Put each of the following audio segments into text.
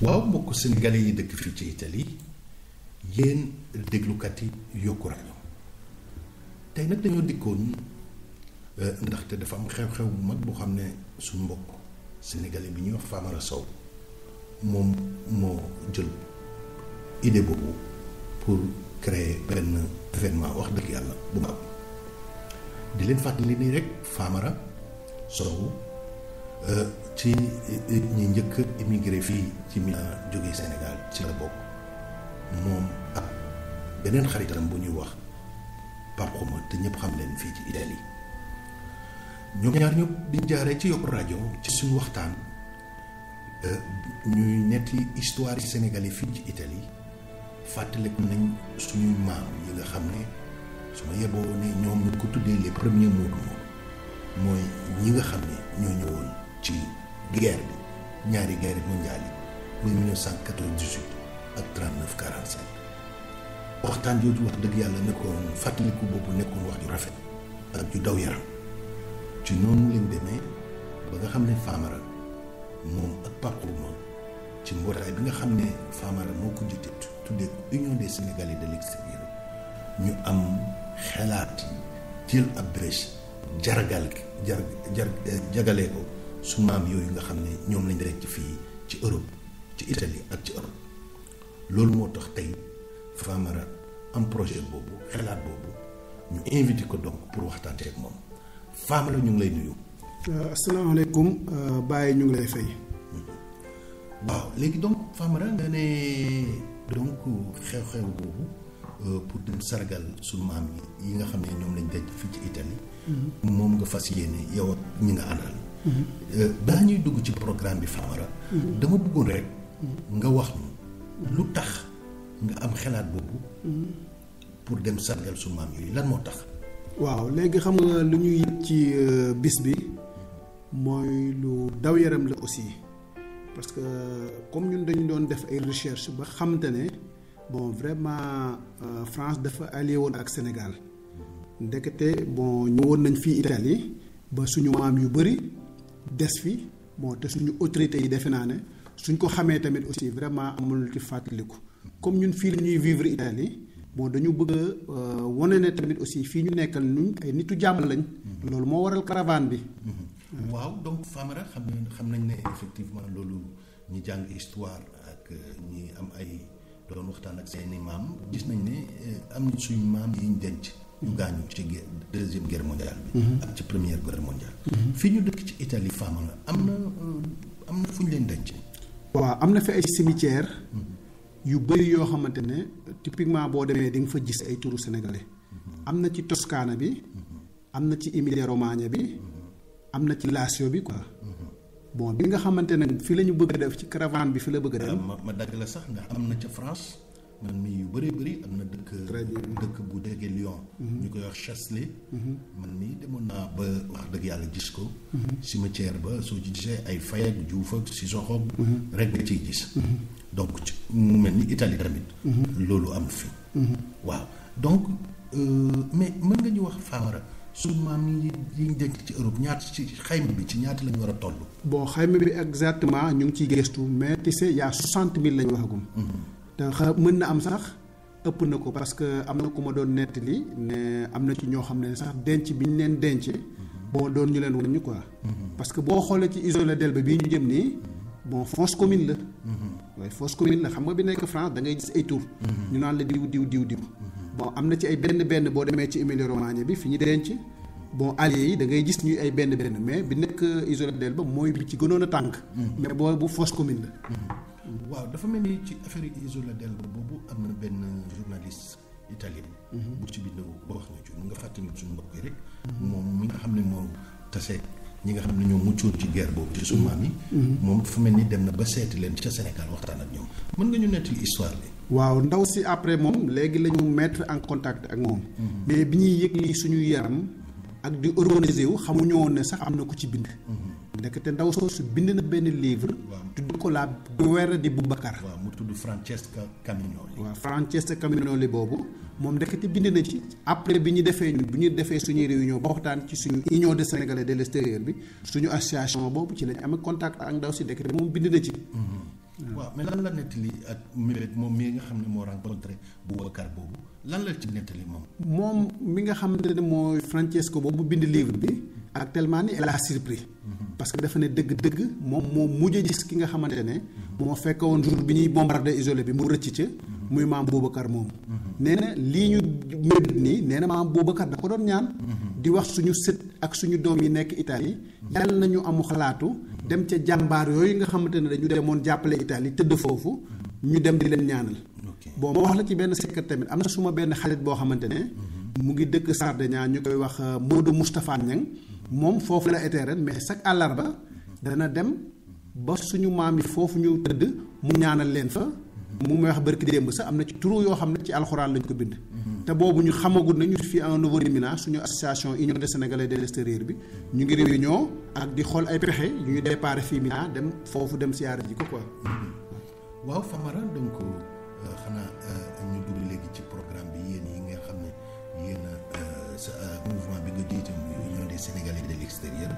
waaw mbokk sénégalais yi dëkk fii ci Italie yéen déglukat yi yokku rajo tey nag dañoo dikkoon euh, ndaxte dafa am xew-xew bu mag boo xam ne suñu mbokk sénégalais bi ñuy wax faamara Sow moom moo jël idée boobu pour créer benn événement wax dëgg yàlla bu mag di leen fàttali nii rek faamara Sow Euh, ci ñi njëkk immigré fii ci mi jóge Sénégal ci la bokk moom ak beneen xaritam bu ñuy wax Pape te ñëpp xam leen fii ci Italie ñoom ñaar ñëpp di jaaree ci yokk rajo ci suñu waxtaan euh, ñuy netti histoire yi sénégalais fii ci Italie fàttaliku nañ suñuy maam yi nga xam ne su ma yeboo ne ñoom ñu ko tuddee les premiers moodu mooy ñi nga xam ne ñoo ñëwoon ci guerre bi ñaari guerre mondiale yi muy 1998 ak 39 45 waxtaan jooju wax dëgg yàlla nekkoon fàttaliku boobu nekkoon wax ju rafet ak ju daw yaram ci noonu lañ demee ba nga xam ne Famara moom ak Pape ci mbootaay bi nga xam ne Famara moo ko jiite tuddee ko Union des Sénégalais de l'extérieur ñu am xalaat yi jël ab brèche jargal jar jar jagalee ko su maam yooyu nga xam ne ñoom lañ rekk fii ci Europe ci Italie ak ci Europe loolu moo tax tey Famara am projet boobu xelaat boobu ñu invité ko donc pour waxtaante ak moom Famara ñu ngi lay nuyu. Euh, asalaamaaleykum euh, bàyyi ñu ngi lay fay. waaw léegi donc Famara nga ne donc xew-xew boobu euh, pour dem sargal suñu maam yi nga xam ne ñoom lañ denc fii ci Italie. Mm-hmm. moom nga fas yéene yow ak ñi nga àndal. Euh, bañuy ñuy dugg ci programme bi Famara dama bëggoon rek nga wax ñu lu tax nga am xalaat boobu pour dem sargal su maam yooyu lan moo tax waaw léegi xam nga lu ñuy yëg ci euh, bis bi mooy lu daw yaram la aussi parce que comme ñun dañu doon def ay recherche ba xamante ne bon vraiment euh, France dafa allié woon ak Sénégal ndekete bon ñu ñëwoon nañ fii Italie ba suñu maam yu bëri des fi moo te suñu autorités yi defe naa ne suñ ko xamee tamit aussi vraiment amul lu ci fàttaliku comme ñun fii la ñuy vivre Italie bon dañu bëgg a euh, wane ne tamit aussi fii ñu nekkal ñun ay nitu jàmm lañ. loolu moo waral caravane bi. Mm-hmm. waaw donc Famara xam xam nañ ne effectivement loolu ñi jàng histoire ak euh, ñi am ay doon waxtaan ak seeni maam gis nañ ne euh, am na maam yi denc. ñu gaañu ci guerre deuxième guerre mondiale bi mhm. ak ci première guerre mondiale mhm. fi ñu dëkk ci Italie femme la am na euh, am na fu ñu leen denc waaw am na fi ay cimetière mhm. yu bëri yoo xamante ne typiquement boo demee di nga fa gis ay turu sénégalais am na ci toskaana bi am na ci Emilia Romagna bi am na ci Lazio bi quoi bon bi nga xamante ne fi la ñu bëgg def ci caravane bi fi la bëgg a dem ah, ma dagg la sax ndax am na ca France man mii yu bëri bëri am na dëkk dëkk bu déggee Lyon mhm. ñu koy wax Chasselet mhm. man mii demoon naa ba wax dëgg yàlla gis ko si mhm. cimetière ba soo ci gisee ay fay ak juuf si soxoog rek nga gis donc mu mel ni Italie tamit loolu am fi waaw donc euh, mais mën nga ñu wax Famara suñu maam yi ñu denc ci Europe ñaata ci xayma bi ci ñaata lañu ñu war a toll bon xayma bi exactement ñu ngi ciy gëstu mais tu sais y a soixante mille la waxagum te mën na am sax ëpp na ko parce que am na ku ma doon nettali ne am na ci ñoo xam ne sax denc bi ñu leen denc. Mhm. boo doon ñu leen wan ñu quoi. Mhm. parce que boo xoolee ci isolé Delbé bii ñu jëm nii. Mhm. bon fosse commune la. waaye fosse commune la xam nga bi nekk France da ngay gis ay tur. ñu naan la diw diw diw diw. bon am na ci ay benn benn boo demee ci Émilie Romagne bi fi ñu denc. bon alliés yi da ngay gis ñuy ay benn benn mais bi nekk isolé Delbé mooy bi ci gënoon a tànk. mais boo bu fosse commune la. waaw dafa mel ni ci affaire Isola Delbo boobu am na benn journaliste italien. bu mhm. ci bind ba wax ñu ci mu nga fàttali suñu mbokk rek. moom mi nga xam ne moom taseeg ñi nga xam ne ñoo muccoon ci guerre boobu ci suñu maam yi. Mhm. moom dafa mel ni dem na ba seeti leen ca Sénégal waxtaan ak ñoom mën nga ñu nettali histoire bi. waaw ndaw si après moom léegi la ñu mettre en contact ak moom. Mhm. mais bi ñuy yëg lii suñu yaram. ak di organiser wu xamuñu woon ne sax am na ko ci bind. Mhm. ndekete ndaw soosu bind na benn livre. tudd ko la guerre di Boubacar. waaw mu tudd Francesca Caminoli. waaw Francesca Caminoli boobu moom ndekete bind na ci. après bi ñu defee ñun bu ñu defee suñuy réunion ba waxtaan ci suñu union des Sénégalais de le extérieur bi suñu association boobu ci lañ amee contact ak ndaw si ndekete moom bind na ci. Mhm. Hmm. waaw mais lan la nettali ak Mébét moom mii nga xam ne moo rencontré Boubacar boobu lan la ci nettali moom. moom mi nga xamante ne mooy Francesco boobu bind livre bi. actuellement ni elle la surpris. Hmm. parce que dafa ne dëgg-dëgg moom moo mujj gis ki nga xamante ne. moo fekk woon jour bi ñuy bombardé isolé bi mu rëcc ca. Hmm. muy maam Boubacar moomu. nee lii ñu mébét nii nee na maam Boubacar da ko doon ñaan. di wax suñu sët ak suñu doom yi nekk Italie. na ñu amu xalaatu. dem ca jàmbaar yooyu nga xamante ne dañu demoon jàppale Italie tëdd foofu ñu dem di leen ñaanal bon ma wax la ci benn secret tamit am na suma benn xarit boo xamante ne mhm. mu ngi dëkk Sardinia ñu koy wax euh, Modou Moustapha Niang moom foofu la été ren mais chaque àllarba dana dem ba suñu maam yi foofu ñu tëdd mu ñaanal leen fa mhm. mu may wax barki démb sax am na ci turu yoo xam ne ci alxuraan lañ ko bind te boobu ñu xamagul ne ñu fi un nouveau réminas suñu association union des sénégalais de l'extérieur bi ñu ngi réunion ak di xol ay pexe yu ñu déparé fi Mina dem fofu dem siyaare ji ko quoi. Hmm. waaw Famara donc euh, xana euh, ñu dugg légui ci programme bi yeen yi nga xamné yeen yéen euh, sa mouvement bi nga jiite union des sénégalais de l'extérieur.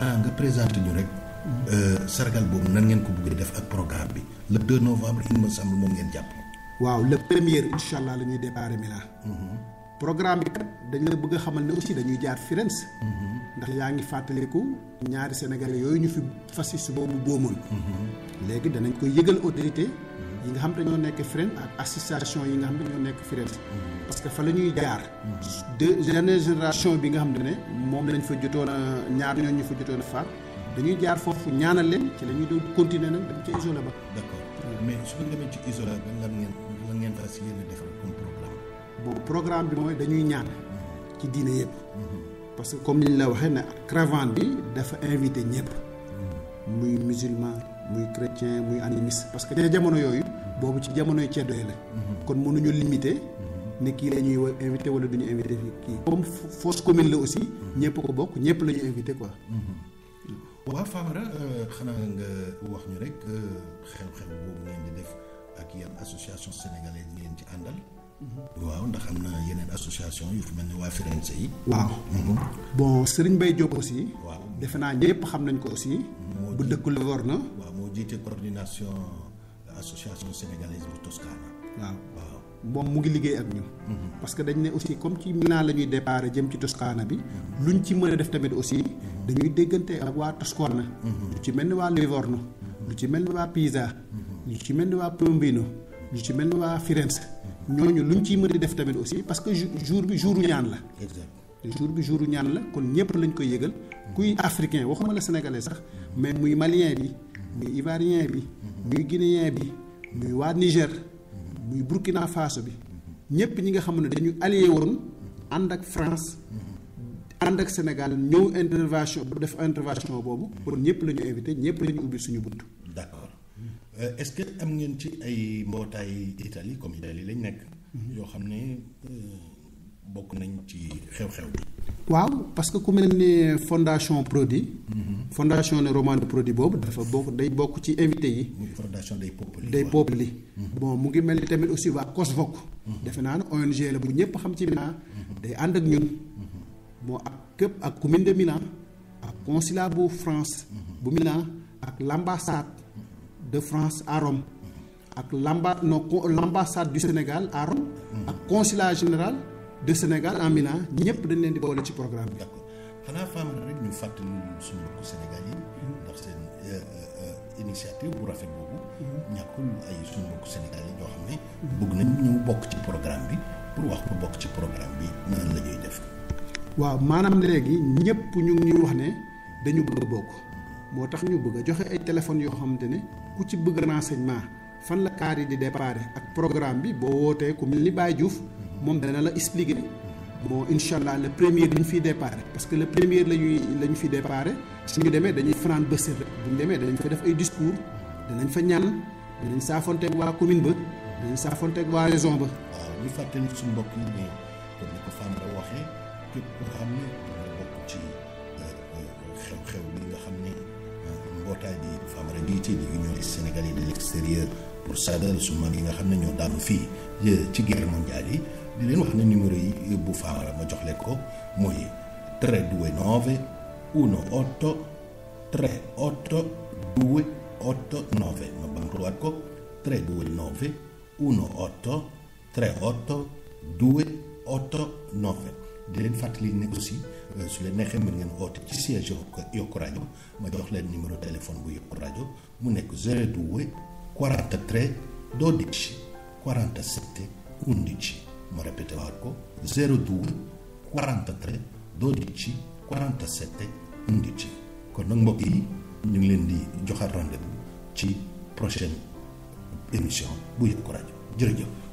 ah nga présenté ñu rek. Hmm. sargal bobu nan ngeen ko bëgg def ak programme bi le 2 novembre il me semble moom ngeen japp waaw le premier incha allah la ñuy déparé Milan. programme bi kat dañ la bëgg a xamal ne ci dañuy jaar Firenze. ndax yaa ngi fàttaliku ñaari sénégalais yooyu ñu fi fas fasciste boobu boomoon. léegi danañ koy yëgal autorité yi nga xam te ñoo nekk Firenze ak association yi nga xam te ñoo nekk Firenze. parce que fa la ñuy jaar. de dernière génération bi nga xam te ne moom lañ fa jotoon ñaar ñooñu ñu fa jotoon a faat dañuy jaar foofu ñaanal leen ci la ñuy doon continuer ci isola ba. ñu demee ci isola ba nga ngeen. lan ngeen fas yéene defal comme programme. bon programme bi mooy dañuy ñaan. Mm-hmm. ci diine yëpp. Mm-hmm. parce que comme ni la waxee ne caravane bi dafa invité ñëpp. Mm-hmm. muy musulman muy chrétien muy animiste parce que te jamono yooyu. boobu ci jamonoy ceddo yi la. kon mënuñu limité. ne kii la ñuy invité wala du ñu invité kii. comme force commune la aussi. ñëpp ko bokk ñëpp la ñu invité quoi. waa Famara euh, xanaa nga wax ñu rek euh, xew-xew boobu ngeen di def ak yenn association sénégalaise yi ngeen ci àndal. waaw ndax am na yeneen association yu fi mel ni waa Firenze yi. waaw mhm. bon Serigne Mbaye Diop aussi. waaw defe naa ñëpp xam nañ ko aussi. bu dëkk la war na. waaw moo jiite coordination association sénégalaise bu Toscana. waaw waaw moom mu ngi liggéey ak ñu. Mhm. parce que dañ ne aussi comme ci Milan la ñuy départ jëm ci Toscana bi. Mhm. luñ ci mën a def tamit aussi. dañuy déggante ak waa Toscana. lu ci mel ni waa Livorno. lu ci mel ni waa Pisa ñu ci mel ni Plombino ñu ci Firenze ñooñu luñ aussi parce que jour bi jour, ñaan la. jour bi jour nous la kon ñëpp lañ koy yëgal. kuy africain waxuma la sénégalais sax mais muy malien bi ivoirien bi guinéen bi Niger Burkina Faso bi ñi nga xam dañu allié France ànd Sénégal nous intervention def intervention boobu pour ñëpp suñu euh, est-ce que am ngeen ci ay mbootaay Italie comme Italie lañ nekk. Mhm. yoo xam ne euh, bokk nañ ci xew-xew bi. waaw parce que ku mel ne fondation Prodi. Mhm. fondation ne roman de Prodi boobu dafa bokk day bokk ci invité yi. fondation day populi day populi mhm. bon mu ngi mel ni tamit aussi waa COSVOC. defe naa ne ONG la bu ñëpp xam ci Milan. day ànd ak ñun. bon ak képp ak commune de Milan. ak consulat bu France. bu Milan ak l'ambassade de France à Rome ak l'amba non l'ambassade du Sénégal à Rome hmm. ak consulat général de Sénégal en Mina ñëpp dañ leen di boole ci programme bi. d'accord xanaa femme rek ñu fàttali suñu mbokku Sénégal yi. Hmm. ndax seen euh, euh, euh, initiative bu rafet boobu. Hmm. ñàkkul ay suñu mbokku Sénégal yi ñoo xam ne. bëgg nañ ñu bokk ci programme bi pour wax ko bokk ci programme bi nan la ñuy def. waaw maanaam léegi ñëpp ñu ngi wax ne dañu bëgg bokk motax ñu bëgg a joxe ay téléphone yo xamantene ku ci bëgg renseignement fan la kaar di déparé ak programme bi boo wootee ku mel ni Baye Diouf moom dana la expliquer bon incha allah le premier ñu fiy déparé parce que le premier la ñuy la ñu fiy déparé ñu demee dañuy fanaan bësër rek bu ñu demee danañ fa def ay discours danañ fa ñaan danañ saafonteeg waa commune ba danañ saafonteeg waa région ba. waaw ñu fàttali suñu mbokk yi ne comme ni ko Famara waxee képp koo xam ne dina bokk ci euh, euh, xew-xew bi nga xam ne euh, mbootaay bi. افریقی چی دیگه سنگالی دل اکستریر برساده سومالی nga xam ne ñoo daanu fii eh, ci guerre mondiale yi di leen wax ne numéro yi bu faara ma jox leen ko mooy 329 18 38 289 ma bankruwaat ko 329 18 38 289 di leen fàttali ne aussi euh, su leen neexee mën ngeen woote ci siège yokku rajo ma jox leen numéro téléphone bu yokku rajo mu nekk 02 43 12 47 11 ma répété waat ko 02 43 12 47 11 kon nag mbokk yi ñu ngi leen di joxaat rendez-vous ci prochaine émission bu yokku rajo jërëjëf.